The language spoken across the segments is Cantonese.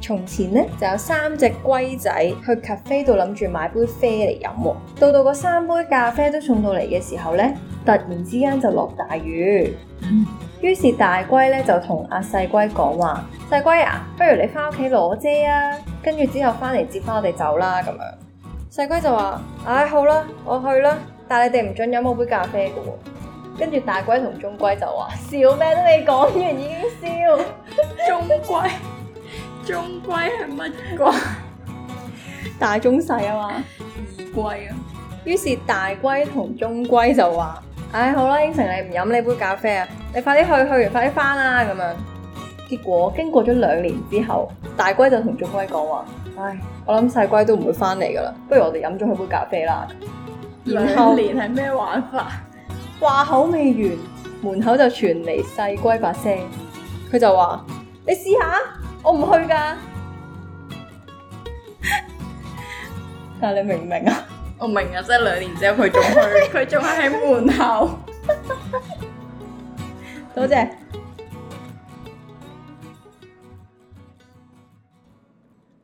從前呢就有三隻龜仔去咖啡度諗住買杯啡嚟飲，啊，到到個三杯咖啡都送到嚟嘅時候呢，突然之間就落大雨，於、嗯、是大龜呢就同阿細龜講話：，細龜 啊，不如你翻屋企攞遮啊，跟住之後翻嚟接翻我哋走啦咁樣。細龜就話：，唉、哎，好啦，我去啦，但係你哋唔准飲我杯咖啡㗎喎、啊。跟住大龜同中龜就話，笑咩都未講完已經笑， 中龜中龜係乜鬼？ 大中細啊嘛，二龜啊。於是大龜同中龜就話：，唉、哎，好啦，應承你唔飲呢杯咖啡啊，你快啲去，去完快啲翻啦。咁樣，結果經過咗兩年之後，大龜就同中龜講話：，唉、哎，我諗細龜都唔會翻嚟噶啦，不如我哋飲咗佢杯咖啡啦。然後兩年係咩玩法？話口未完，門口就傳嚟細龜把聲，佢就話：你試下，我唔去㗎。 但你明唔明啊？我明啊，即係兩年之後佢仲去，佢仲係喺門口。 多謝，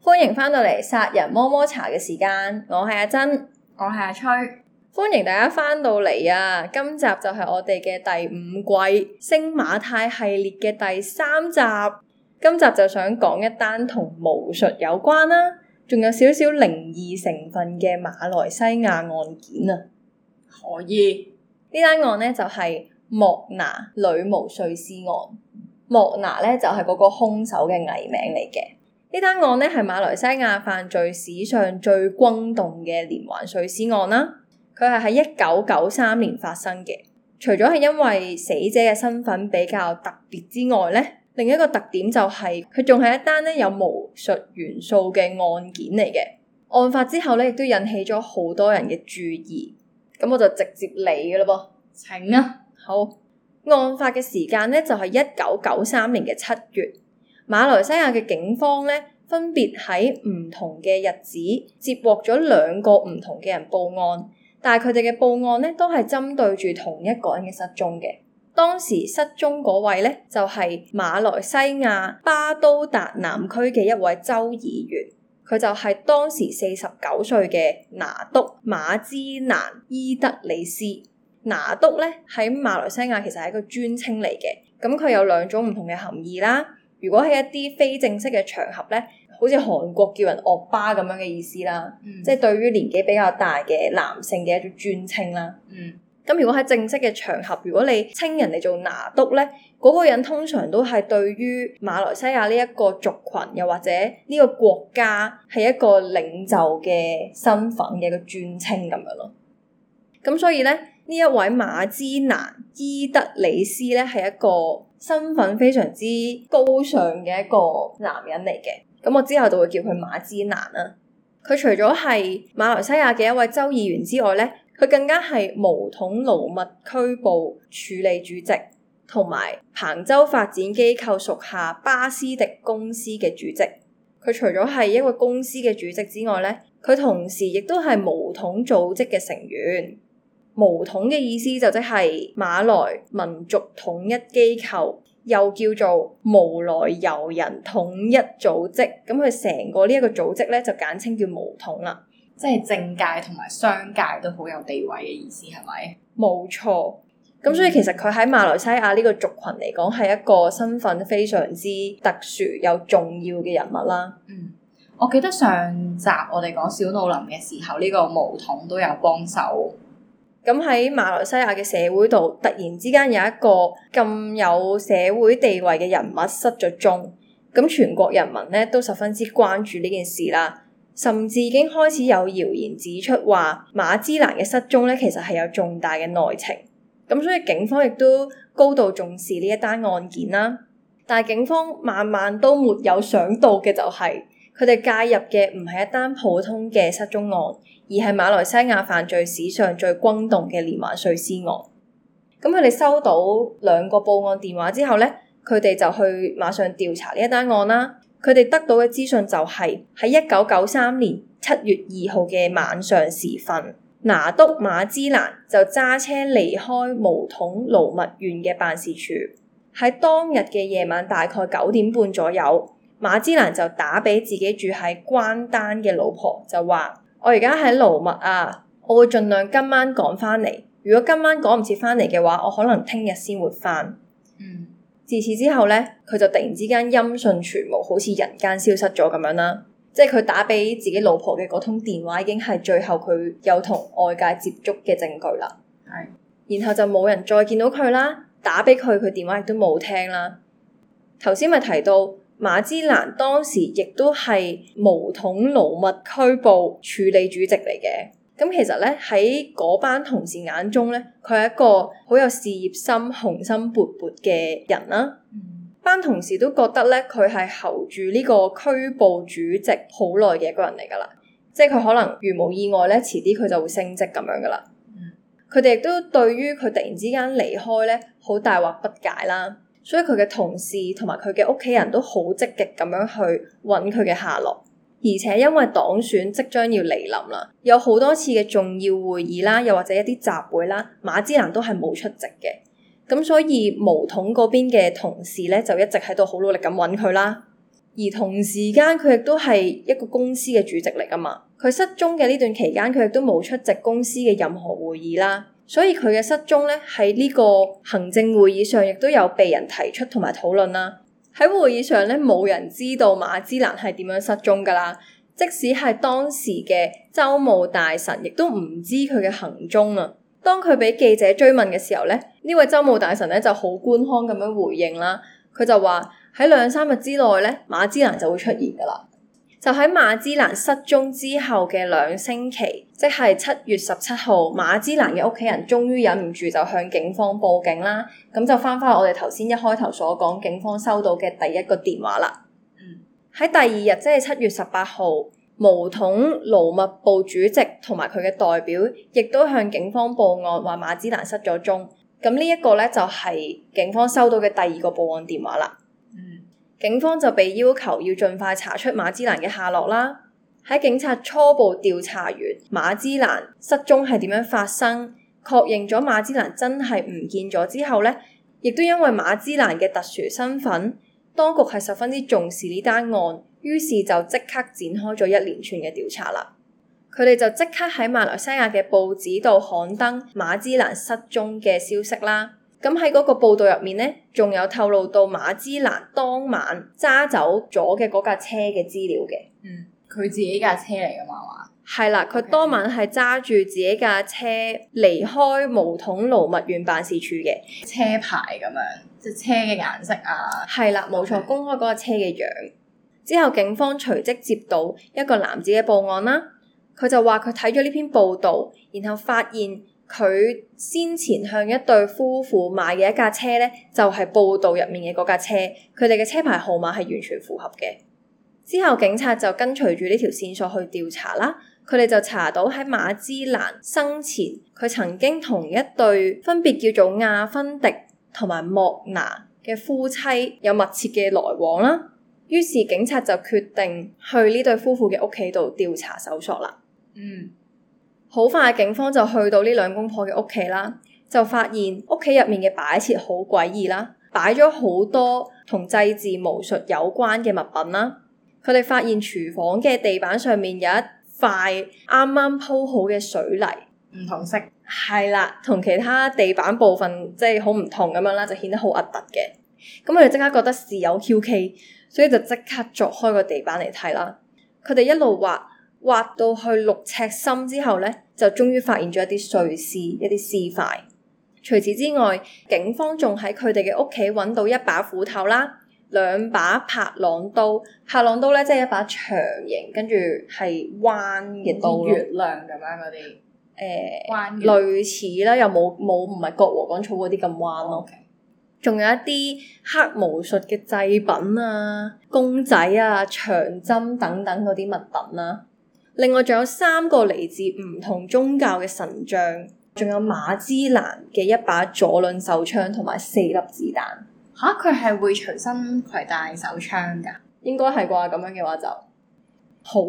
歡迎翻到嚟殺人摸摸茶嘅時間，我係阿珍，我係阿吹。歡迎大家翻到嚟啊！今集就係我哋嘅第五季《星馬泰》系列嘅第三集。今集就想講一單同巫術有關啦、啊，仲有少少靈異成分嘅馬來西亞案件啊！可以？呢單案呢，就係、是、莫娜女巫碎屍案。莫娜咧就係嗰個兇手嘅藝名嚟嘅。呢單案呢，係馬來西亞犯罪史上最轟動嘅連環碎屍案啦、啊。佢係喺一九九三年發生嘅。除咗係因為死者嘅身份比較特別之外呢，咧另一個特點就係佢仲係一單咧有巫術元素嘅案件嚟嘅。案發之後咧，亦都引起咗好多人嘅注意。咁我就直接嚟嘅啦噃，請啊、嗯，好。案發嘅時間咧就係一九九三年嘅七月。馬來西亞嘅警方咧分別喺唔同嘅日子接獲咗兩個唔同嘅人報案，但係佢哋嘅報案咧，都係針對住同一個人嘅失蹤嘅。當時失蹤嗰位咧，就係馬來西亞巴都達南區嘅一位州議員，佢就係當時四十九歲嘅拿督馬茲蘭伊德里斯。拿督咧喺馬來西亞其實係一個尊稱嚟嘅，咁佢有兩種唔同嘅含義啦。如果喺一啲非正式嘅場合咧。好似韓國叫人惡霸咁樣嘅意思啦，即係、嗯、對於年紀比較大嘅男性嘅一種尊稱啦。咁、嗯、如果喺正式嘅場合，如果你稱人哋做拿督咧，嗰、那個人通常都係對於馬來西亞呢一個族群，又或者呢個國家係一個領袖嘅身份嘅一個尊稱咁樣咯。咁所以咧，呢一位馬茲蘭伊德里斯咧係一個身份非常之高尚嘅一個男人嚟嘅。咁我之後就會叫佢馬茲蘭啦、啊。佢除咗係馬來西亞嘅一位州議員之外呢，咧佢更加係巫統勞勿區部處理主席，同埋彭州發展機構屬下巴斯迪公司嘅主席。佢除咗係一個公司嘅主席之外呢，咧佢同時亦都係巫統組織嘅成員。巫統嘅意思就即係馬來民族統一機構。又叫做巫來由人統一組織，咁佢成個呢一個組織咧，就簡稱叫巫統啦。即係政界同埋商界都好有地位嘅意思，係咪？冇錯。咁所以其實佢喺馬來西亞呢個族群嚟講，係一個身份非常之特殊又重要嘅人物啦。嗯，我記得上集我哋講小魯林嘅時候，呢、呢個巫統都有幫手。咁喺馬來西亞嘅社會度，突然之間有一個咁有社會地位嘅人物失咗蹤，咁全國人民咧都十分之關注呢件事啦，甚至已經開始有謠言指出話馬茲蘭嘅失蹤咧，其實係有重大嘅內情，咁所以警方亦都高度重視呢一單案件啦。但係警方萬萬都沒有想到嘅就係、是，佢哋介入嘅唔係一單普通嘅失蹤案。而係馬來西亞犯罪史上最轟動嘅連環碎屍案。咁佢哋收到兩個報案電話之後咧，佢哋就去馬上調查呢一單案啦。佢哋得到嘅資訊就係喺一九九三年七月二號嘅晚上時分，拿督馬茲蘭就揸車離開巫統勞勿區嘅辦事處。喺當日嘅夜晚大概九點半左右，馬茲蘭就打俾自己住喺關丹嘅老婆就，就話。我而家喺勞物啊，我會盡量今晚趕翻嚟。如果今晚趕唔切翻嚟嘅話，我可能聽日先會翻。嗯，自此之後咧，佢就突然之間音訊全無，好似人間消失咗咁樣啦。即係佢打俾自己老婆嘅嗰通電話，已經係最後佢有同外界接觸嘅證據啦。係是，然後就冇人再見到佢啦，打俾佢，佢電話亦都冇聽啦。頭先咪提到。馬茲蘭當時亦都係巫統勞勿區部署理主席嚟嘅，咁其實咧喺嗰班同事眼中咧，佢係一個好有事業心、雄心勃勃嘅人啦。嗯、班同事都覺得咧，佢係候住呢個區部主席好耐嘅一個人嚟噶啦，即係佢可能如無意外咧，遲啲佢就會升職咁樣噶啦。佢哋亦都對於佢突然之間離開咧，好大惑不解啦。所以佢嘅同事同埋佢嘅屋企人都好積極咁樣去揾佢嘅下落，而且因為黨選即將要嚟臨啦，有好多次嘅重要會議啦，又或者一啲集會啦，馬茲蘭都係冇出席嘅。咁所以毛統嗰邊嘅同事咧，就一直喺度好努力咁揾佢啦。而同時間佢亦都係一個公司嘅主席嚟㗎嘛，佢失蹤嘅呢段期間，佢亦都冇出席公司嘅任何會議啦。所以佢嘅失蹤咧，喺呢個行政會議上亦都有被人提出同埋討論啦。喺會議上咧，冇人知道馬茲蘭係點樣失蹤噶啦。即使係當時嘅州務大臣，亦都唔知佢嘅行蹤啊。當佢俾記者追問嘅時候咧，呢位州務大臣咧就好官方咁樣回應啦。佢就話喺兩三日之內咧，馬茲蘭就會出現噶啦。就喺馬茲蘭失蹤之後嘅兩星期，即係七月十七號，馬茲蘭嘅屋企人終於忍唔住就向警方報警啦。咁就返返我哋頭先一開頭所講，警方收到嘅第一個電話啦。喺、嗯、第二日，即係七月十八號，毛統勞務部主席同埋佢嘅代表亦都向警方報案，話馬茲蘭失咗蹤。咁呢一個呢，就係、是、警方收到嘅第二個報案電話啦。警方就被要求要盡快查出馬茲蘭嘅下落啦。喺警察初步調查完馬茲蘭失蹤係點樣發生，確認咗馬茲蘭真係唔見咗之後呢，亦都因為馬茲蘭嘅特殊身份，當局係十分之重視呢單案，於是就即刻展開咗一連串嘅調查啦。佢哋就即刻喺馬來西亞嘅報紙度刊登馬茲蘭失蹤嘅消息啦。咁喺嗰個報道入面呢，仲有透露到馬茲蘭當晚揸走咗嘅嗰架車嘅資料嘅。嗯，佢自己架車嚟噶嘛？係啦，嗯，佢哇當晚係揸住自己架車離開巫統勞勿區辦事處嘅車牌咁樣，即係車嘅顏色啊。係啦，冇錯，Okay. 公開嗰架車嘅樣之後，警方隨即接到一個男子嘅報案啦。佢就話佢睇咗呢篇報道，然後發現。佢先前向一對夫婦買嘅一架車咧，就係報道入面嘅嗰架車，佢哋嘅車牌號碼係完全符合嘅。之後警察就跟隨住呢條線索去調查啦，佢哋就查到喺馬茲蘭生前，佢曾經同一對分別叫做阿芬迪同埋莫娜嘅夫妻有密切嘅來往啦。於是警察就決定去呢對夫婦嘅屋企度調查搜索啦。嗯。好快，警方就去到呢兩公婆嘅屋企啦，就發現屋企入面嘅擺設好詭異啦，擺咗好多同祭祀巫術有關嘅物品啦。佢哋發現廚房嘅地板上面有一塊啱啱鋪好嘅水泥，唔同色，係啦，同其他地板部分即係好唔同咁樣啦，就顯得好核突嘅。咁佢哋即刻覺得事有蹊蹺，所以就即刻鑿開個地板嚟睇啦。佢哋一路挖挖到去六尺深之後咧。就終於發現咗一啲碎屍、一啲屍塊。除此之外，警方仲喺佢哋嘅屋企揾到一把斧頭啦，兩把拍浪刀。拍浪刀咧，即係一把長型，跟住係彎嘅刀。月亮咁樣嗰啲，誒，欸、彎嘅類似啦，又冇冇唔係割禾趕草嗰啲咁彎咯。仲 Okay. 有一啲黑巫術嘅祭品啊、公仔啊、長針等等嗰啲物品啦、啊。另外仲有三個嚟自唔同宗教嘅神像，仲有馬茲蘭嘅一把左輪手槍同埋四粒子彈。吓，佢係會隨身携帶手槍噶？應該係啩？咁樣嘅話就好。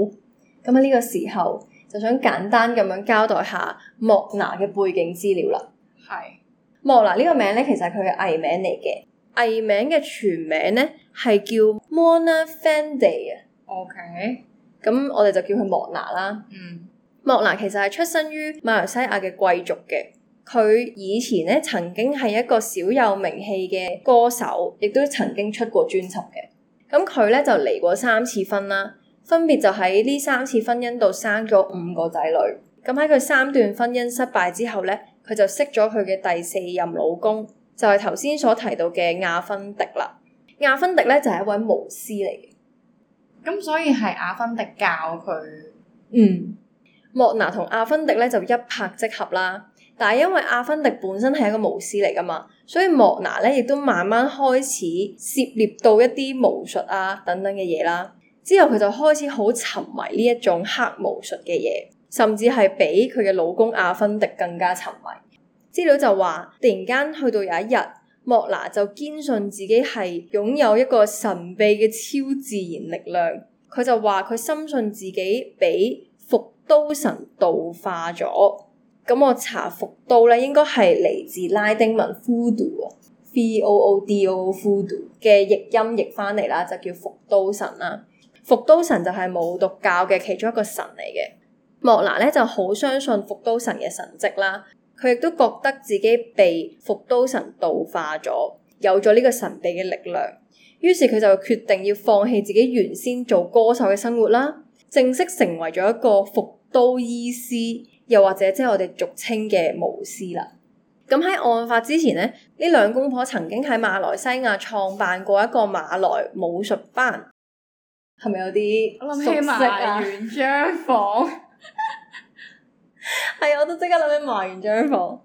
咁喺呢個時候就想簡單咁樣交代下莫娜嘅背景資料啦。係是莫娜呢個名咧，其實佢係藝名嚟嘅，藝名嘅全名咧係叫 Mona Fandy 啊。OK。咁我哋就叫佢莫娜啦。嗯，莫娜其實係出身於馬來西亞嘅貴族嘅，佢以前咧曾經係一個小有名氣嘅歌手，亦都曾經出過專輯嘅。咁佢咧就離過三次婚啦，分別就喺呢三次婚姻度生咗五個仔女。咁喺佢三段婚姻失敗之後咧，佢就識咗佢嘅第四任老公，就係頭先所提到嘅亞芬迪啦。亞芬迪咧就係一位巫師嚟嘅。咁所以係阿芬迪教佢，嗯，莫娜同阿芬迪咧就一拍即合啦。但係因為阿芬迪本身係一個巫師嚟㗎嘛，所以莫娜咧亦都慢慢開始涉獵到一啲巫術啊等等嘅嘢啦。之後佢就開始好沉迷呢一種黑巫術嘅嘢，甚至係比佢嘅老公阿芬迪更加沉迷。資料就話，突然間去到有一日，莫娜就堅信自己係擁有一個神秘嘅超自然力量，佢就話佢深信自己被復刀神導化咗。咁我查復刀咧，應該係嚟自拉丁文 f o o d o o h o o d o h o o d o 嘅譯音譯翻嚟啦，就叫復刀神啦。復刀神就係巫毒教嘅其中一個神嚟嘅。莫娜咧就好相信復刀神嘅神跡啦。佢亦都覺得自己被伏都神道化咗，有咗呢個神秘嘅力量，於是佢就決定要放棄自己原先做歌手嘅生活啦，正式成為咗一個伏都巫師，又或者即係我哋俗稱嘅巫師啦。咁喺案發之前呢，呢兩公婆曾經喺馬來西亞創辦過一個馬來武術班，係咪有啲熟悉？我諗起食元璋房。 係， 我都即刻諗起埋完張房。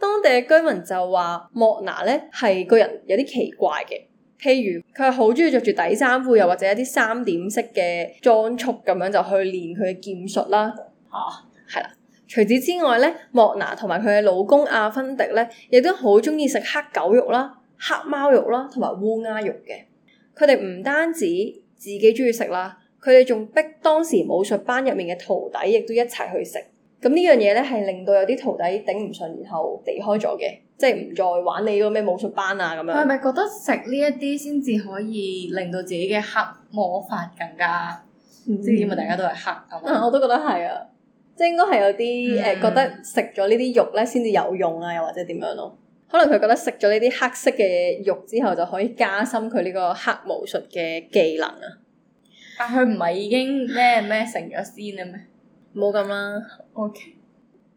當地嘅居民就話莫娜咧係個人有啲奇怪嘅，譬如佢係好中意着住底衫褲，又或者一啲三點式嘅裝束咁樣就去練佢嘅劍術啦。吓、啊，係啦。除此之外咧，莫娜同埋佢嘅老公阿芬迪咧，亦都好中意食黑狗肉啦、黑貓肉啦，同埋烏鴉肉嘅。佢哋唔單止自己中意食啦。佢哋仲逼當時武術班入面嘅徒弟，亦都一齊去食。咁呢樣嘢咧，係令到有啲徒弟頂唔順，然後離開咗嘅，即係唔再玩你嗰個咩武術班啊咁樣。係咪覺得食呢一啲先至可以令到自己嘅黑魔法更加？唔知係咪大家都係黑啊？嗯，我都覺得係啊，即係應該係有啲誒、嗯欸、覺得食咗呢啲肉咧，先至有用啊，又或者點樣咯、啊？可能佢覺得食咗呢啲黑色嘅肉之後，就可以加深佢呢個黑武術嘅技能啊。但佢唔係已經咩咩成咗仙啦咩？冇咁啦，OK。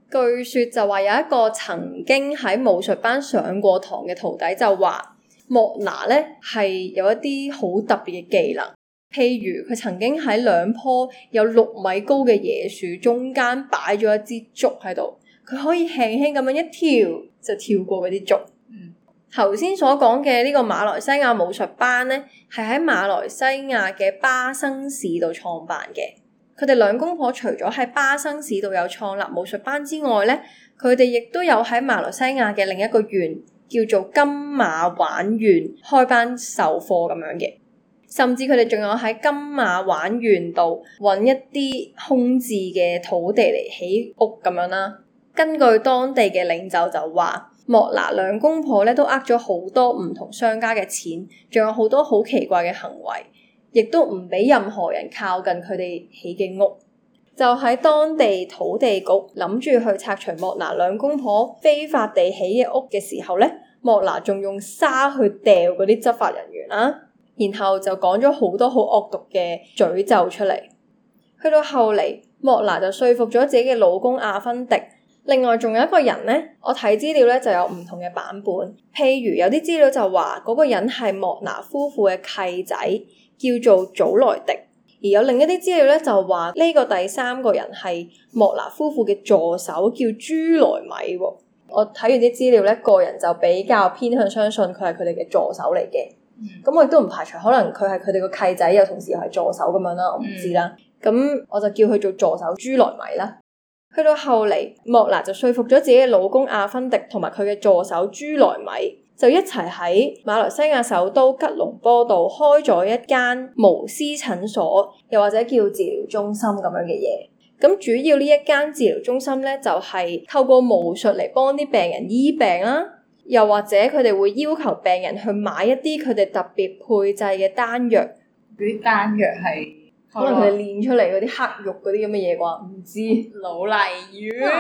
據說就話有一個曾經喺巫術班上過堂嘅徒弟就話，莫娜呢係有一啲好特別嘅技能，譬如佢曾經喺兩棵有六米高嘅椰樹中間擺咗一支竹喺度，佢可以輕輕咁樣一跳，就跳過嗰啲竹。嗯頭先所講嘅呢個馬來西亞巫術班呢，係喺馬來西亞嘅巴生市度創辦嘅。佢哋兩公婆除咗喺巴生市度有創立巫術班之外呢，佢哋亦都有喺馬來西亞嘅另一個縣叫做金馬玩縣開班授課咁樣嘅。甚至佢哋仲有喺金馬玩縣度揾一啲空置嘅土地嚟起屋咁樣啦。根據當地嘅領袖就話。莫娜兩公婆咧都呃咗好多唔同商家嘅錢，仲有好多好奇怪嘅行為，亦都唔俾任何人靠近佢哋起嘅屋。就喺當地土地局諗住去拆除莫娜兩公婆非法地起嘅屋嘅時候咧，莫娜仲用沙去掟嗰啲執法人員啦，然後就講咗好多好惡毒嘅詛咒出嚟。去到後嚟，莫娜就說服咗自己嘅老公阿芬迪。另外，仲有一個人咧，我睇資料咧就有唔同嘅版本。譬如有啲資料就話嗰個人係莫娜夫婦嘅契仔，叫做祖萊迪；而有另一啲資料咧就話呢個第三個人係莫娜夫婦嘅助手，叫朱萊米。我睇完啲資料咧，個人就比較偏向相信佢係佢哋嘅助手嚟嘅。咁、嗯、我亦都唔排除可能佢係佢哋嘅契仔，又同時又係助手咁樣啦。我唔知啦。咁、嗯、我就叫佢做助手朱萊米啦。去到後嚟，莫娜就說服咗自己嘅老公阿芬迪同埋佢嘅助手朱萊米，就一齊喺馬來西亞首都吉隆坡度開咗一間巫師診所，又或者叫治療中心咁樣嘅嘢。咁主要呢一間治療中心呢，就係、是、透過巫術嚟幫啲病人醫病啦，又或者佢哋會要求病人去買一啲佢哋特別配製嘅丹藥。嗰啲丹藥係。可能佢哋練出嚟嗰啲黑肉嗰啲咁嘅嘢啩，唔知。老泥丸，唔、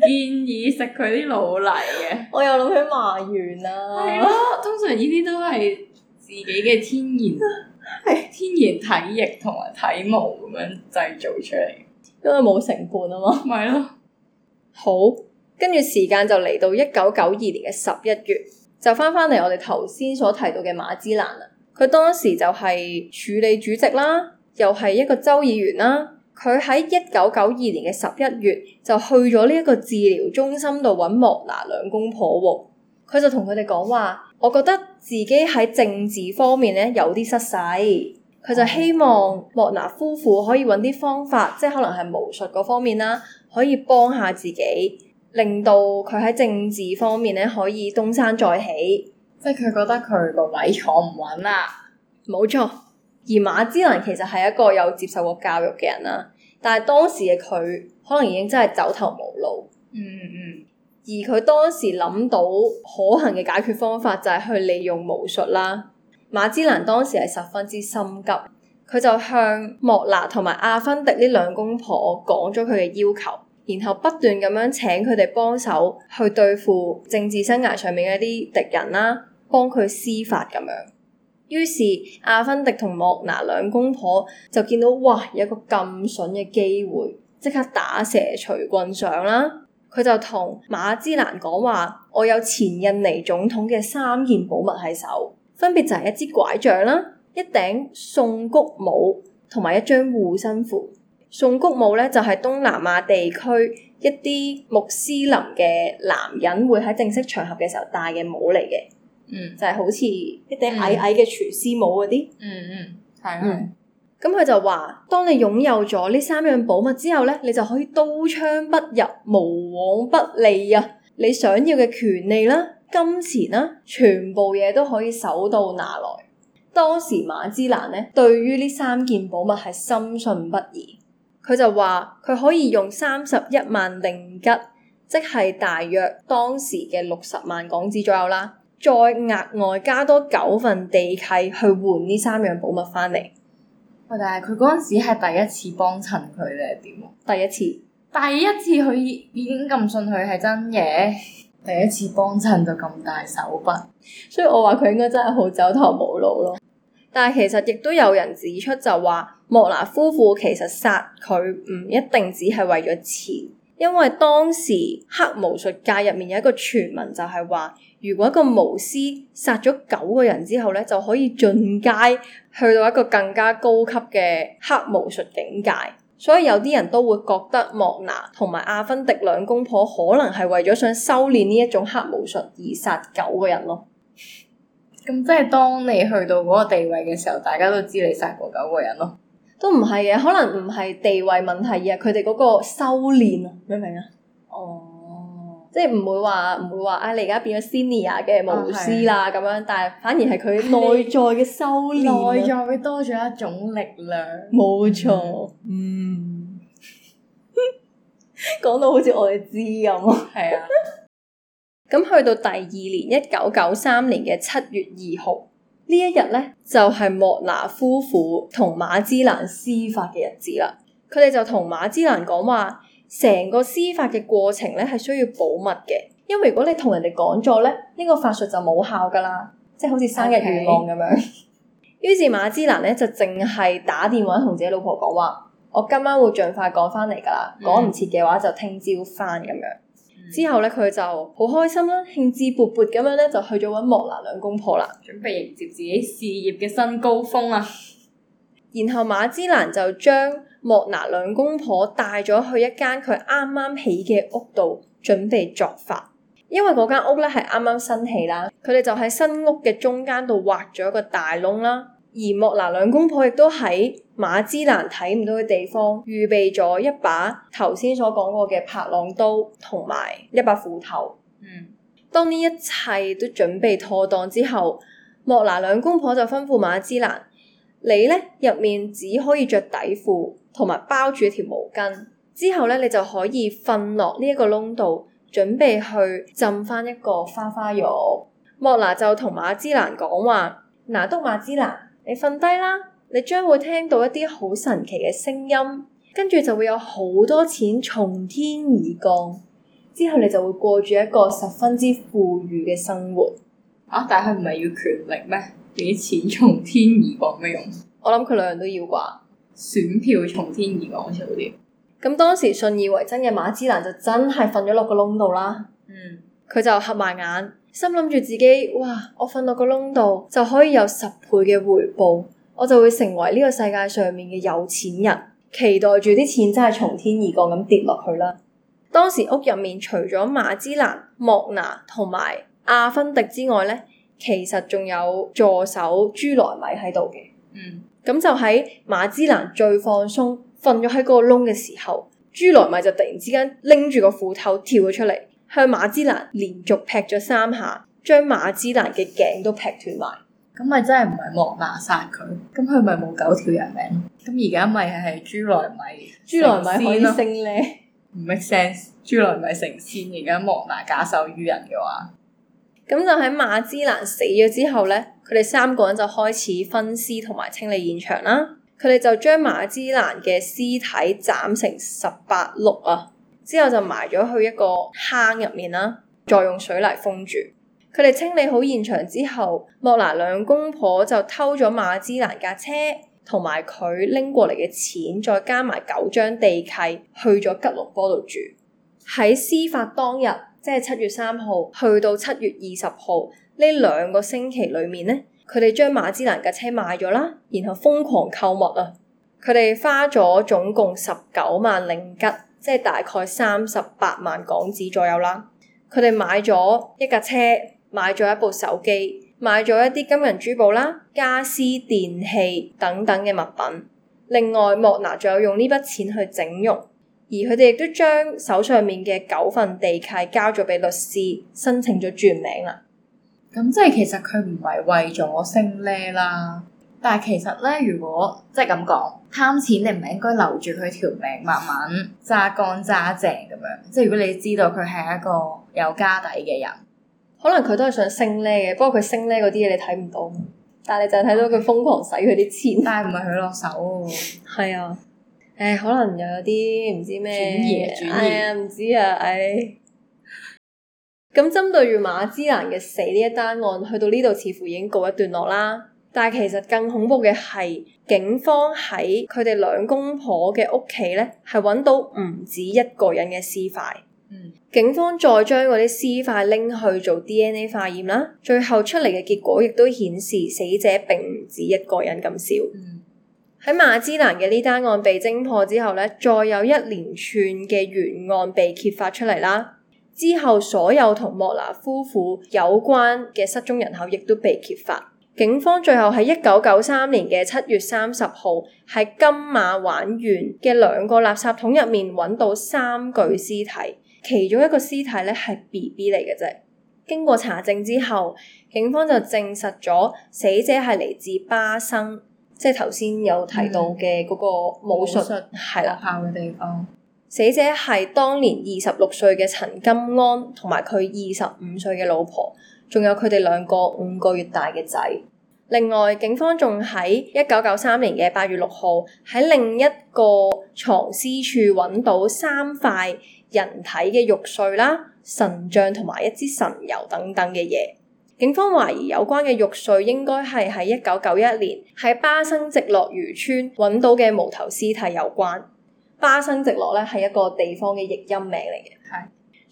啊、 建議食佢啲老泥嘅。 我又諗起麻圓啦。通常呢啲都係自己嘅天然， 對天然體液同埋體毛咁樣製造出嚟。因為冇成本啊嘛。咪咯。好，跟住時間就嚟到一九九二年嘅十一月，就翻翻嚟我哋頭先所提到嘅馬茲蘭啦。佢當時就係處理主席啦，又係一個州議員啦。佢喺一九九二年嘅十一月就去咗呢一個治療中心度揾莫娜兩公婆喎。佢就同佢哋講話，我覺得自己喺政治方面咧有啲失勢。佢就希望莫娜夫婦可以揾啲方法，即可能係巫術嗰方面啦，可以幫下自己，令到佢喺政治方面咧可以東山再起。即係佢覺得佢個位坐唔穩啦。啊，冇錯。而馬茲蘭其實係一個有接受過教育嘅人啦，但係當時嘅佢可能已經真係走投無路。嗯嗯。而佢當時諗到可行嘅解決方法就係去利用巫術啦。馬茲蘭當時係十分之心急，佢就向莫娜同埋阿芬迪呢兩公婆講咗佢嘅要求。然後不斷咁樣請佢哋幫手去對付政治生涯上面嘅一啲敵人啦，幫佢施法咁樣。於是阿芬迪同莫娜兩公婆就見到哇，有個咁筍嘅機會，即刻打蛇隨棍上啦！佢就同馬茲蘭講話：我有前印尼總統嘅三件寶物喺手，分別就係一支拐杖啦、一頂宋谷帽同埋一張護身符。宋谷帽咧，就係、是，東南亞地區一啲穆斯林嘅男人會喺正式場合嘅時候戴嘅帽嚟嘅，嗯嗯。嗯，就係好似一頂矮矮嘅廚師帽嗰啲。嗯嗯，係啊。咁佢就話：當你擁有咗呢三樣寶物之後咧，你就可以刀槍不入、無往不利啊！你想要嘅權力啦、啊、金錢啦、啊，全部嘢都可以手到拿來。當時馬茲蘭咧，對於呢三件寶物係深信不疑。佢就話佢可以用三十一萬令吉，即係大約當時嘅六十萬港紙左右啦，再額外加多九份地契去換呢三樣寶物翻嚟。但係佢嗰陣時係第一次幫襯佢定係點？第一次，第一次佢已經咁信佢係真嘅，第一次幫襯就咁大手筆，所以我話佢應該真係好走投無路咯。但係其實亦都有人指出就話，莫娜夫婦其實殺佢唔一定只係為咗錢，因為當時黑巫術界入面有一個傳聞就係話，如果一個巫師殺咗九個人之後咧，就可以進階去到一個更加高級嘅黑巫術境界。所以有啲人都會覺得莫娜同埋阿芬迪兩公婆可能係為咗想修煉呢一種黑巫術而殺九個人咯。咁即係當你去到嗰個地位嘅時候，大家都知你殺過九個人咯。都唔係嘅，可能唔係地位問題而，而係佢哋嗰個修煉、嗯哦、啊，明唔明啊？哦，即係唔會話唔會話，唉，你而家變咗 senior 嘅巫師啦咁樣，但係反而係佢內在嘅修煉，內在會多咗一種力量。冇、嗯、錯，嗯，講到 好似我哋知咁。係啊的，咁 去到第二年一九九三年嘅七月二號。呢一日咧就係、是、莫娜夫婦同馬茲蘭施法嘅日子啦，佢哋就同馬茲蘭講話，成個施法嘅過程咧係需要保密嘅，因為如果你同人哋講咗咧，呢、這個法術就冇效噶啦，即係好似生日願望咁樣。於 Okay. 是馬茲蘭咧就淨係打電話同自己老婆講話，我今晚會盡快趕翻嚟噶啦，趕唔切嘅話就聽朝翻咁樣。之後咧，佢就好開心啦，興致勃勃咁樣咧，就去咗揾莫娜兩公婆啦，準備迎接自己事業嘅新高峰啦。然後馬茲蘭就將莫娜兩公婆帶咗去一間佢啱啱起嘅屋度，準備作法，因為嗰間屋咧係啱啱新起啦，佢哋就喺新屋嘅中間度挖咗一個大窿啦。而莫娜兩公婆亦都喺馬茲蘭睇唔到嘅地方預備咗一把頭先所講過嘅拍浪刀同埋一把斧頭。嗯，當呢一切都準備妥當之後，莫娜兩公婆就吩咐馬茲蘭：你呢入面只可以着底褲同埋包住條毛巾，之後呢你就可以瞓落呢一個窿度，準備去浸翻一個花花浴。嗯，莫娜就同馬茲蘭講話：拿督馬茲蘭。你瞓低啦，你將會聽到一啲好神奇嘅聲音，跟住就會有好多錢從天而降，之後你就會過住一個十分之富裕嘅生活。啊！但係佢唔係要權力咩？俾錢從天而降咩用？我諗佢兩樣都要啩，選票從天而降好似好啲。咁當時信以為真嘅馬茲蘭就真係瞓咗落個窿度啦。嗯，佢就合埋眼。心諗住自己，哇！我瞓落個窿度就可以有十倍嘅回報，我就會成為呢個世界上面嘅有錢人，期待住啲錢真係從天而降咁跌落去啦。嗯、當時屋入面除咗馬茲蘭、莫娜同埋阿芬迪之外咧，其實仲有助手朱萊米喺度嘅。嗯，咁就喺馬茲蘭最放鬆、瞓咗喺個窿嘅時候，朱萊米就突然之間拎住個斧頭跳咗出嚟。向馬茲蘭連續劈咗三下，將馬茲蘭嘅頸都劈斷埋。咁咪真係唔係莫娜殺佢？咁佢咪冇九條人命？咁而家咪係朱來米，朱來米可以升咧？唔 make sense，朱來米成仙，而家莫娜假手於人嘅話，咁就喺馬茲蘭死咗之後咧，佢哋三個人就開始分屍同埋清理現場啦。佢哋就將馬茲蘭嘅屍體斬成十八碌啊！之後就埋咗去一個坑入面啦，再用水泥封住。佢哋清理好現場之後，莫娜兩公婆就偷咗馬茲蘭架車，同埋佢拎過嚟嘅錢，再加埋九張地契，去咗吉隆坡度住。喺司法當日，即係七月三號，去到七月二十號呢兩個星期裏面呢，佢哋將馬茲蘭架車賣咗啦，然後瘋狂購物啊！佢哋花咗總共十九萬令吉。即係大概三十八萬港紙左右啦，佢哋買咗一架車，買咗一部手機，買咗一啲金銀珠寶啦、家私電器等等嘅物品。另外莫娜仲有用呢筆錢去整容，而佢哋亦都將手上面嘅九份地契交咗俾律師，申請咗轉名啦。咁即係其實佢唔係為咗我升呢啦。但係其實咧，如果即係咁講，貪錢你唔係應該留住佢條命，慢慢揸乾揸淨咁樣。即係如果你知道佢係一個有家底嘅人，可能佢都係想升咧嘅。不過佢升咧嗰啲嘢你睇唔到，但係你就係睇到佢瘋狂使佢啲錢， 但係唔係佢落手。係啊，誒、 啊哎，可能又有啲唔知咩嘢，轉業轉業，唔知啊，唉、哎。咁針對住馬茲蘭嘅死呢一單案，去到呢度似乎已經告一段落啦。但係其實更恐怖嘅係，警方喺佢哋兩公婆嘅屋企咧，係揾到唔止一個人嘅屍塊。嗯，警方再將嗰啲屍塊拎去做 DNA 化驗啦，最後出嚟嘅結果亦都顯示死者並唔止一個人咁少。嗯，喺馬茲蘭嘅呢單案被偵破之後咧，再有一連串嘅原案被揭發出嚟啦。之後所有同莫娜夫婦有關嘅失蹤人口亦都被揭發。警方最後喺一九九三年嘅七月三十號喺金馬玩園嘅兩個垃圾桶入面揾到三具屍體，其中一個屍體咧係 BB 嚟嘅啫。經過查證之後，警方就證實咗死者係嚟自巴生，即係頭先有提到嘅嗰個巫術係啦校嘅地方。死者係當年二十六歲嘅陳金安同埋佢二十五歲嘅老婆。仲有佢哋兩個五個月大嘅仔。另外，警方仲喺一九九三年嘅八月六號喺另一個藏屍處揾到三塊人體嘅肉碎啦、神像同埋一支神油等等嘅嘢。警方懷疑有關嘅肉碎應該係喺一九九一年喺巴生直落漁村揾到嘅無頭屍體有關。巴生直落呢係一個地方嘅譯音名嚟嘅。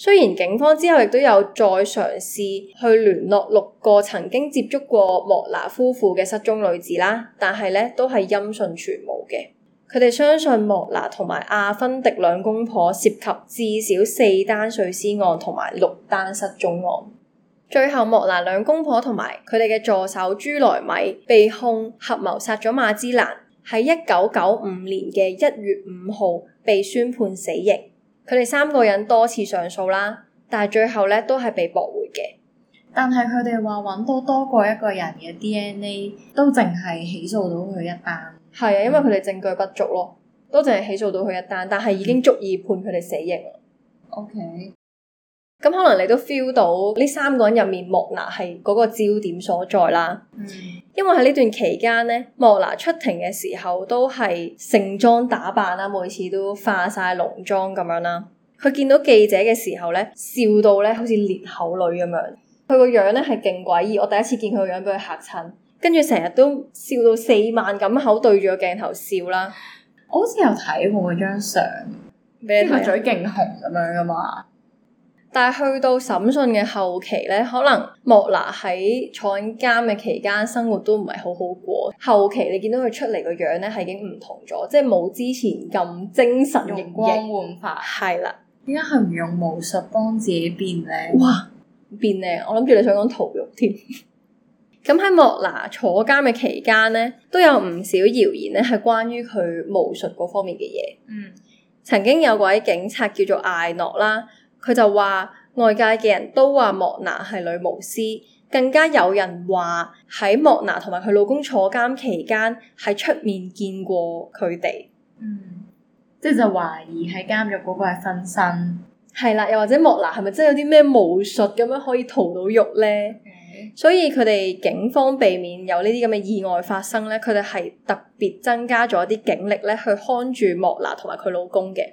雖然警方之後亦都有再嘗試去聯絡六個曾經接觸過莫娜夫婦嘅失蹤女子啦，但係呢都係音訊全無嘅。佢哋相信莫娜同埋阿芬迪兩公婆涉及至少四單碎屍案同埋六單失蹤案。最後，莫娜兩公婆同埋佢哋嘅助手朱萊米被控合謀殺咗馬茲蘭，喺一九九五年嘅一月五號被宣判死刑。佢哋三個人多次上訴啦，但係最後咧都係被駁回嘅。但係佢哋話揾到多過一個人嘅 DNA，都淨係起訴到佢一單。係啊，因為佢哋證據不足咯，都淨係起訴到佢一單，但係已經足以判佢哋死刑啦。Okay。咁可能你都 feel 到呢三個人入面，莫娜係嗰個焦點所在啦。嗯，因為喺呢段期間咧，莫娜出庭嘅時候都係盛裝打扮啦，每次都化晒濃妝咁樣啦。佢見到記者嘅時候咧，笑到咧好似裂口女咁樣。佢個樣咧係勁詭異，我第一次見佢個樣嚇，俾佢嚇親。跟住成日都笑到四萬咁口對住個鏡頭笑啦。我好似有睇過張相，即係個嘴勁紅咁樣噶嘛。但係去到審訊嘅後期咧，可能莫娜喺坐緊監嘅期間，生活都唔係好好過。後期你見到佢出嚟，個樣咧，係已經唔同咗，即係冇之前咁精神奕奕、容光煥發係啦。點解佢唔用巫術幫自己變靚？哇，變靚！我諗住你想講屠肉添。咁 喺莫娜坐監嘅期間咧，都有唔少謠言咧，係關於佢巫術嗰方面嘅嘢。嗯，曾經有位警察，叫做艾諾啦。佢就話外界嘅人都話莫娜係女巫師，更加有人話喺莫娜同埋佢老公坐監期間喺出面見過佢哋，嗯，即係就懷疑喺監獄嗰個係分身，係啦，又或者莫娜係咪真係有啲咩巫術咁樣可以逃到獄呢？Okay. 所以佢哋警方避免有呢啲咁嘅意外發生咧，佢哋係特別增加咗啲警力咧，去看住莫娜同埋佢老公嘅。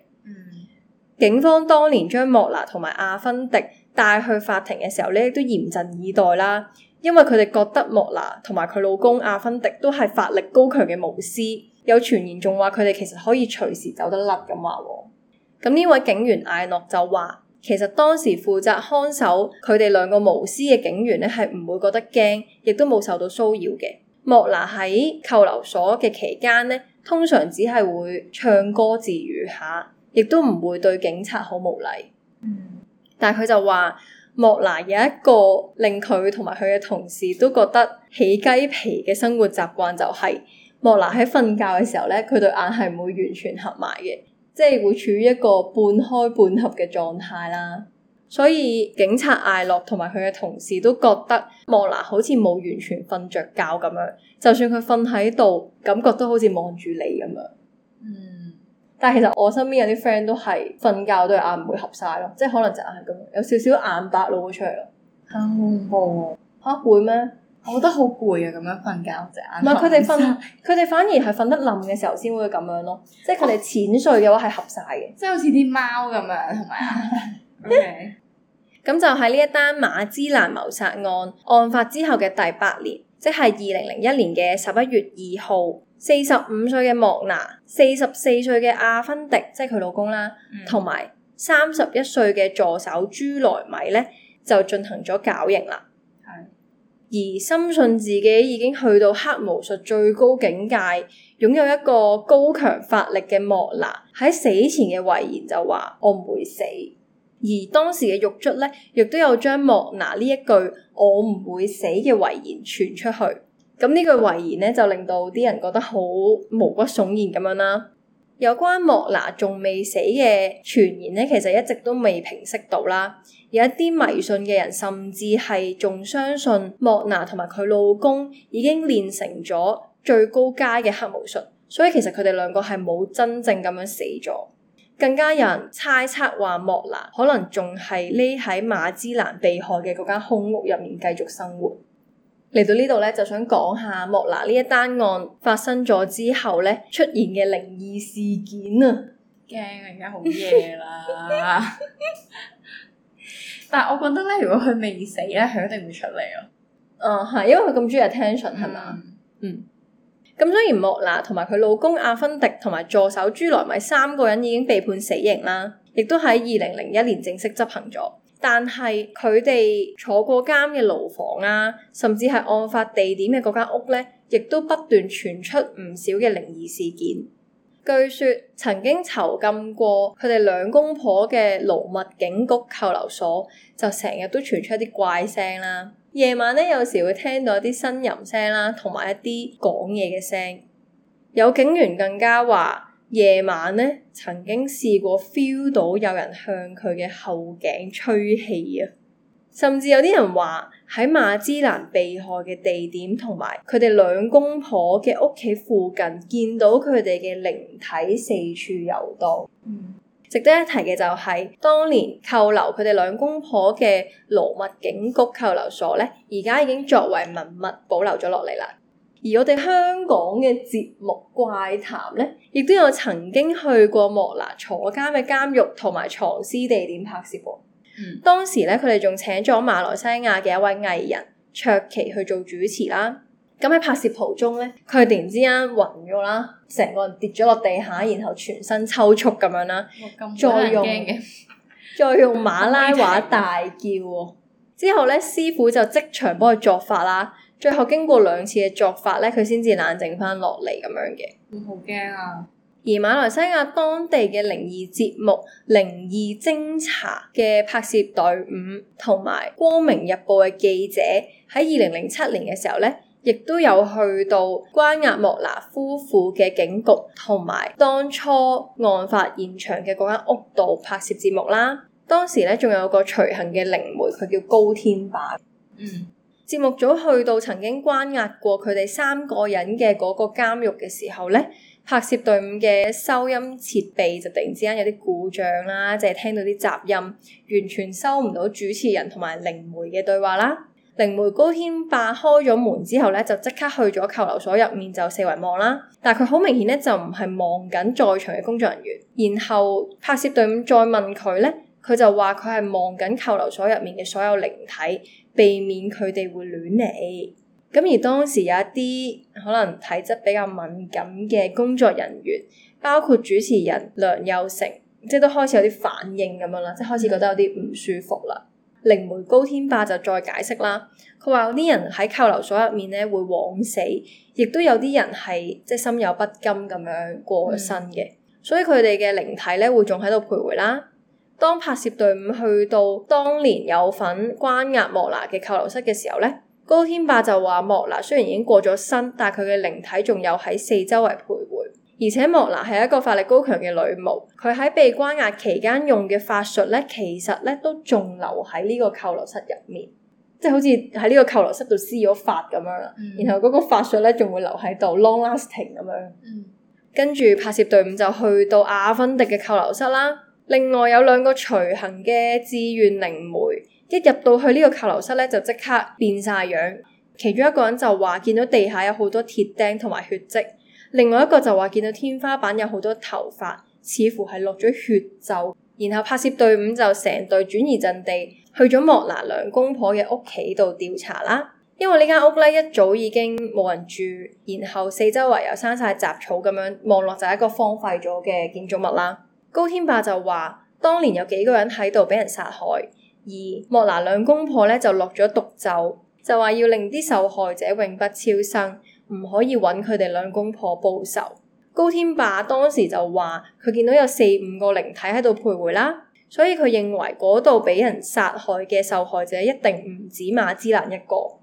警方當年將莫娜同埋阿芬迪帶去法庭嘅時候咧，都嚴陣以待啦。因為佢哋覺得莫娜同埋佢老公阿芬迪都係法力高強嘅巫師，有傳言仲話佢哋其實可以隨時走得甩咁話。咁呢位警員艾諾就話，其實當時負責看守佢哋兩個巫師嘅警員咧，係唔會覺得驚，亦都冇受到騷擾嘅。莫娜喺扣留所嘅期間咧，通常只係會唱歌自娛下。亦都唔會對警察好無禮。嗯，但係佢就話莫娜有一個令佢同埋佢嘅同事都覺得起雞皮嘅生活習慣就係、是、莫娜喺瞓覺嘅時候咧，佢對眼係唔會完全合埋嘅，即係會處於一個半開半合嘅狀態啦。所以警察艾樂同埋佢嘅同事都覺得莫娜好似冇完全瞓着覺咁樣，就算佢瞓喺度，感覺都好似望住你咁樣。嗯。但係其實我身邊有啲 friend 都係瞓覺都係眼唔會合晒咯，即係可能就眼係咁樣，有少少眼白露出嚟咯。好恐怖。oh, oh. 啊！嚇攰咩？我覺得好攰啊，咁樣瞓覺隻眼。唔係佢哋瞓，佢哋 反而係瞓得冧嘅時候先會咁樣咯，即係佢哋淺睡嘅話係合晒嘅，oh. 即係好似啲貓咁樣同埋。咁 Okay. 就喺呢一單馬茲蘭謀殺案案，案發之後嘅第八年，即係二零零一年嘅十一月二號。四十五歲嘅莫娜，四十四歲嘅阿芬迪，即係佢老公啦，同埋三十一歲嘅助手朱萊米咧，就進行咗絞刑啦。嗯、而深信自己已經去到黑巫術最高境界，擁有一個高強法力嘅莫娜喺死前嘅遺言就話，我唔會死。而當時嘅獄卒咧，亦都有將莫娜呢一句我唔會死嘅遺言傳出去。咁呢句遺言咧，就令到啲人覺得好毛骨悚然咁樣啦。有關莫娜仲未死嘅傳言咧，其實一直都未平息到啦。有一啲迷信嘅人，甚至係仲相信莫娜同埋佢老公已經練成咗最高階嘅黑巫術，所以其實佢哋兩個係冇真正咁樣死咗。更加有人猜測話莫娜可能仲係匿喺馬茲蘭被害嘅嗰間空屋入面繼續生活。嚟到呢度咧，就想講下莫娜呢一單案發生咗之後咧，出現嘅靈異事件啊！驚啊，而家好驚啦！ 但係我覺得咧，如果佢未死咧，佢一定會出嚟咯。啊、嗯，係因為佢咁中意 attention 係嘛？嗯。咁雖然莫娜同埋佢老公阿芬迪同埋助手朱來米三個人已經被判死刑啦，亦都喺二零零一年正式執行咗。但係佢哋坐過監嘅牢房啊，甚至係案發地點嘅嗰間屋呢，亦都不斷傳出唔少嘅靈異事件。據說曾經囚禁過佢哋兩公婆嘅勞勿警局扣留所，就成日都傳出一啲怪聲啦。夜晚呢，有時會聽到一啲呻吟聲啦，同埋一啲講嘢嘅聲。有警員更加話，夜晚咧，曾經試過 feel 到有人向佢嘅後頸吹氣啊！甚至有啲人話喺馬茲蘭被害嘅地點同埋佢哋兩公婆嘅屋企附近，見到佢哋嘅靈體四處游蕩。嗯，值得一提嘅就係，是，當年扣留佢哋兩公婆嘅勞勿警局扣留所咧，而家已經作為文物保留咗落嚟啦。而我哋香港嘅節目《怪談》呢咧，亦都有曾經去過莫娜坐監嘅監獄同埋藏屍地點拍攝過。嗯，當時咧佢哋仲請咗馬來西亞嘅一位藝人卓奇去做主持啦。咁喺拍攝途中咧，佢突然之間暈咗啦，成個人跌咗落地下，然後全身抽搐咁樣啦，再用怕 再用馬拉話大叫。之後咧，師傅就即場幫佢作法啦。最後經過兩次嘅作法咧，佢先至冷靜翻落嚟咁樣嘅。好驚、嗯、啊！而馬來西亞當地嘅靈異節目《靈異偵查》嘅拍攝隊伍同埋《光明日報》嘅記者喺二零零七年嘅時候咧，亦都有去到關押莫娜夫婦嘅警局同埋當初案發現場嘅嗰間屋度拍攝節目啦。當時咧仲有個隨行嘅靈媒，佢叫高天霸。嗯。節目組去到曾經關押過佢哋三個人嘅嗰個監獄嘅時候呢，拍攝隊伍嘅收音設備就突然之間有啲故障啦，即係聽到啲雜音，完全收唔到主持人同埋靈媒嘅對話啦。靈媒高天霸開咗門之後呢，就即刻去咗扣留所入面就四圍望啦。但係佢好明顯咧，就唔係望緊在場嘅工作人員。然後拍攝隊伍再問佢呢，佢就話佢係望緊扣留所入面嘅所有靈體。避免佢哋會亂嚟，咁而當時有一啲可能體質比較敏感嘅工作人員，包括主持人梁又成，即係都開始有啲反應咁樣啦，即係開始覺得有啲唔舒服啦。靈媒、嗯、高天霸就再解釋啦，佢話有啲人喺扣留所入面咧會枉死，亦都有啲人係即係心有不甘咁樣過身嘅，嗯、所以佢哋嘅靈體咧會仲喺度徘徊啦。當拍攝隊伍去到當年有份關押莫娜嘅扣留室嘅時候咧，高天霸就話莫娜雖然已經過咗身，但係佢嘅靈體仲有喺四周圍徘徊。而且莫娜係一個法力高強嘅女巫，佢喺被關押期間用嘅法術咧，其實咧都仲留喺呢個扣留室入面，即係好似喺呢個扣留室度施咗法咁樣。嗯、然後嗰個法術咧仲會留喺度，long lasting 咁樣。嗯、跟住拍攝隊伍就去到阿芬迪嘅扣留室啦。另外有兩個隨行嘅志願靈媒，一入到去呢個扣留室咧，就即刻變晒樣。其中一個人就話見到地下有好多鐵釘同埋血跡，另外一個就話見到天花板有好多頭髮，似乎係落咗血咒。然後拍攝隊伍就成隊轉移陣地，去咗莫娜兩公婆嘅屋企度調查啦。因為間呢間屋咧一早已經冇人住，然後四周圍又生晒雜草咁樣，望落就係一個荒廢咗嘅建築物啦。高天霸就話當年有幾個人喺度俾人殺害，而莫娜兩公婆咧就落咗毒咒，就話要令啲受害者永不超生，唔可以揾佢哋兩公婆報仇。高天霸當時就話佢見到有四五個靈體喺度徘徊啦，所以佢認為嗰度俾人殺害嘅受害者一定唔止馬茲蘭一個。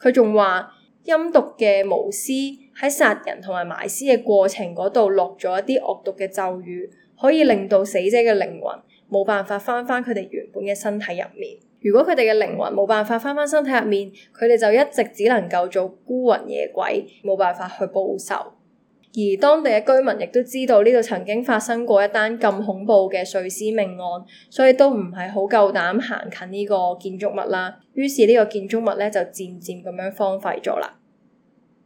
佢仲話陰毒嘅巫師喺殺人同埋埋屍嘅過程嗰度落咗一啲惡毒嘅咒語，可以令到死者嘅靈魂冇辦法翻返佢哋原本嘅身體入面。如果佢哋嘅靈魂冇辦法翻返身體入面，佢哋就一直只能夠做孤魂野鬼，冇辦法去報仇。而當地嘅居民亦都知道呢度曾經發生過一單咁恐怖嘅碎屍命案，所以都唔係好夠膽行近呢個建築物啦。於是呢個建築物咧就漸漸咁樣荒廢咗啦。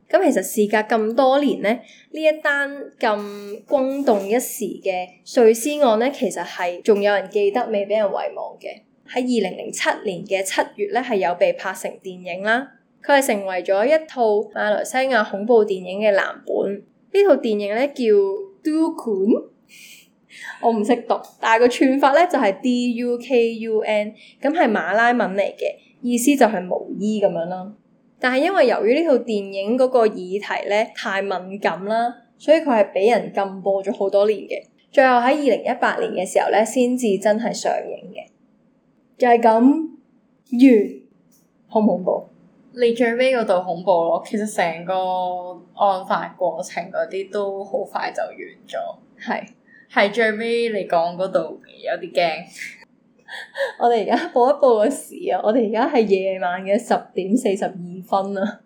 咁其實事隔咁多年咧，呢一單咁轟動一時嘅碎屍案咧，其實係仲有人記得未，俾人遺忘嘅。喺二零零七年嘅七月咧，係有被拍成電影啦。佢係成為咗一套馬來西亞恐怖電影嘅藍本。呢套電影咧叫 Dukun，o、um? 我唔識讀，但係個串法咧就係 D U K U N，咁係馬來文嚟嘅，意思就係巫醫咁樣啦。但係因為由於呢套電影嗰個議題咧太敏感啦，所以佢係俾人禁播咗好多年嘅。最後喺二零一八年嘅時候咧，先至真係上映嘅。就係、是、咁完，恐唔恐怖？你最尾嗰度恐怖咯，其實成個案發過程嗰啲都好快就完咗。係係是最尾嚟講嗰度有啲驚。我哋而家報一報個時啊！我哋而家係夜晚嘅十點四十二分啊！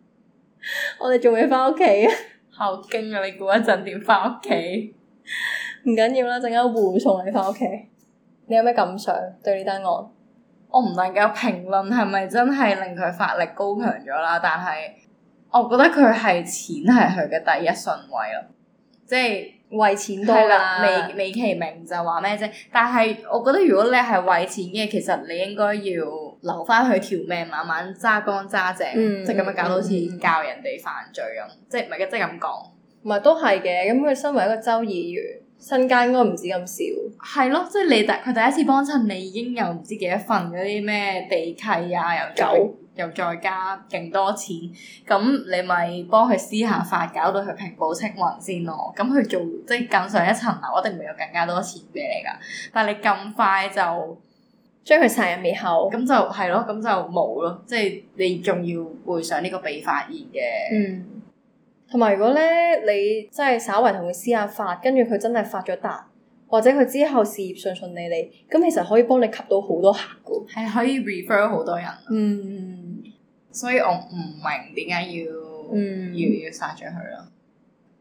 我哋仲未翻屋企啊！好驚啊、喔！你估一陣點翻屋企？唔緊要啦，陣間護送你翻屋企。你有咩感想對呢單案？我唔能夠評論係咪真係令佢法力高強咗啦，但係我覺得佢係錢係佢嘅第一順位咯，即係。為錢多啦，美美其名就話咩啫？但係我覺得如果你係為錢嘅，其實你應該要留翻佢條命，慢慢揸乾揸淨，嗯、即係咁樣搞到好似、嗯、教人哋犯罪咁，嗯、即係唔係即係咁講。唔係都係嘅，咁佢身為一個州議員，身家應該唔止咁少。係咯，即係你第佢第一次幫襯你，已經有唔知幾多份嗰啲咩地契啊，又走。又再加勁多錢，咁你咪幫佢私下發，搞到佢平步青雲先咯。咁佢做即係更上一層樓，一定會有更加多錢俾你噶。但係你咁快就將佢殺人滅口，咁就係咯，咁就冇咯。即係你仲要背上呢個被發現嘅。嗯。同埋如果咧，你即係稍為同佢私下發，跟住佢真係發咗達，或者佢之後事業順順利利，咁其實可以幫你吸到好多客噶。係可以 refer 好多人。嗯。所以我唔明點解要、嗯、要要殺咗佢咯。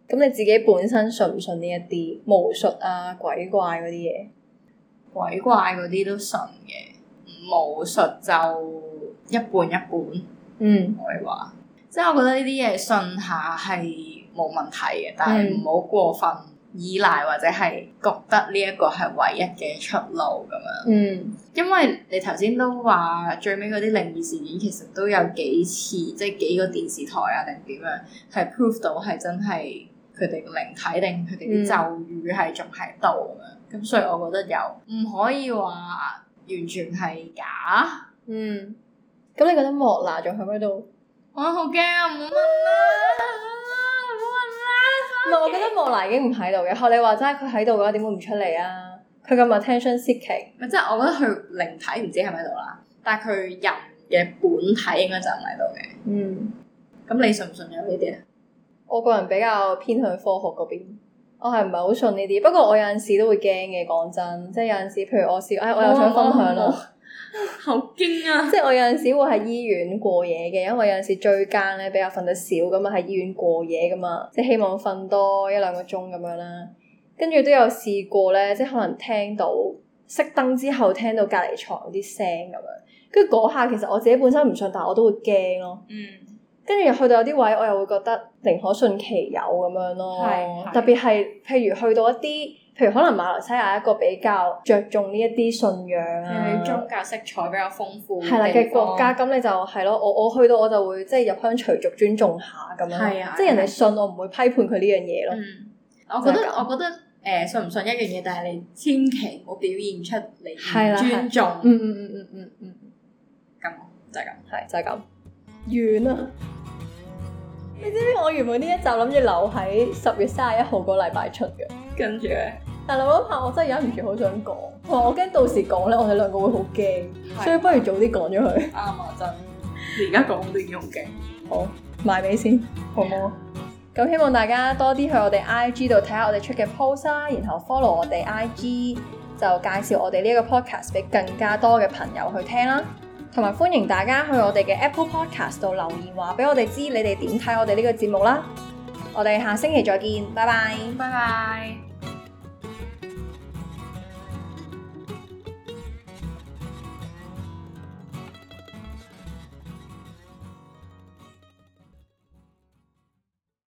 咁你自己本身信唔信呢一啲巫術啊、鬼怪嗰啲嘢？鬼怪嗰啲都信嘅，巫術就一半一半。嗯，我可以話，即係我覺得呢啲嘢信下係冇問題嘅，但係唔好過分嗯依賴或者係覺得呢一個係唯一嘅出路咁樣。嗯，因為你頭先都話最尾嗰啲靈異事件其實都有幾次，嗯、即係幾個電視台啊定點樣，係 prove 到係真係佢哋個靈體定佢哋啲咒語係仲喺度咁樣。咁、嗯、所以我覺得有，唔可以話完全係假。嗯，咁你覺得莫娜仲喺度？我好驚啊！莫拿。唔係，Okay. 我覺得莫娜已經唔喺度嘅。學你話齋，佢喺度嘅話，點會唔出嚟啊？佢咁 attention seeking，即係我覺得佢靈體唔知喺咪度啦。但係佢人嘅本體應該就唔喺度嘅。嗯，咁你信唔信有呢啲啊？我個人比較偏向科學嗰邊，我係唔係好信呢啲。不過我有陣時都會驚嘅，講真，即係有陣時，譬如我試，哎，我又想分享咯。Oh, oh, oh, oh. 好驚啊！即係我有陣時會喺醫院過夜嘅，因為有陣時最間咧比較瞓得少咁嘛，喺醫院過夜噶嘛，即係希望瞓多一兩個鐘咁樣啦。跟住都有試過咧，即係可能聽到熄燈之後聽到隔籬床有啲聲咁樣，跟住嗰下其實我自己本身唔信，但我都會驚咯。嗯，跟住去到有啲位我又會覺得寧可信其有咁樣咯。特別係譬如去到一啲。譬如可能馬來西亞一個比較着重呢一啲信仰啊，宗教色彩比較豐富嘅、嗯啊、國家，咁你就係咯，我我去到我就會即係入鄉隨俗尊重下咁樣，啊、即係人哋信我唔會批判佢呢樣嘢咯。我覺得我覺得誒、呃、信唔信一樣嘢，但係你千祈唔好表現出你唔尊重。啊啊、嗯、嗯、嗯嗯嗯嗯嗯嗯，咁就係、是、咁，係就係、是、咁完啦、啊。你知唔知我原本呢一集諗住留喺十月三十一號個禮拜出嘅，跟住咧？但係嗰一拍，我真係忍唔住好想講，我驚到時講咧，我哋兩個會好驚，所以不如早啲講咗佢。啱啊，真， 你而家講都唔用驚，好，賣尾先，好冇？咁 希望大家多啲去我哋 IG 度睇下我哋出嘅 post 啦，然後 follow 我哋 IG，就介紹我哋呢一個 podcast 俾更加多嘅朋友去聽啦。同埋歡迎大家去我哋嘅 Apple Podcast 度留言，話俾我哋知你哋點睇我哋呢個節目啦。我哋下星期再見，拜拜，拜拜。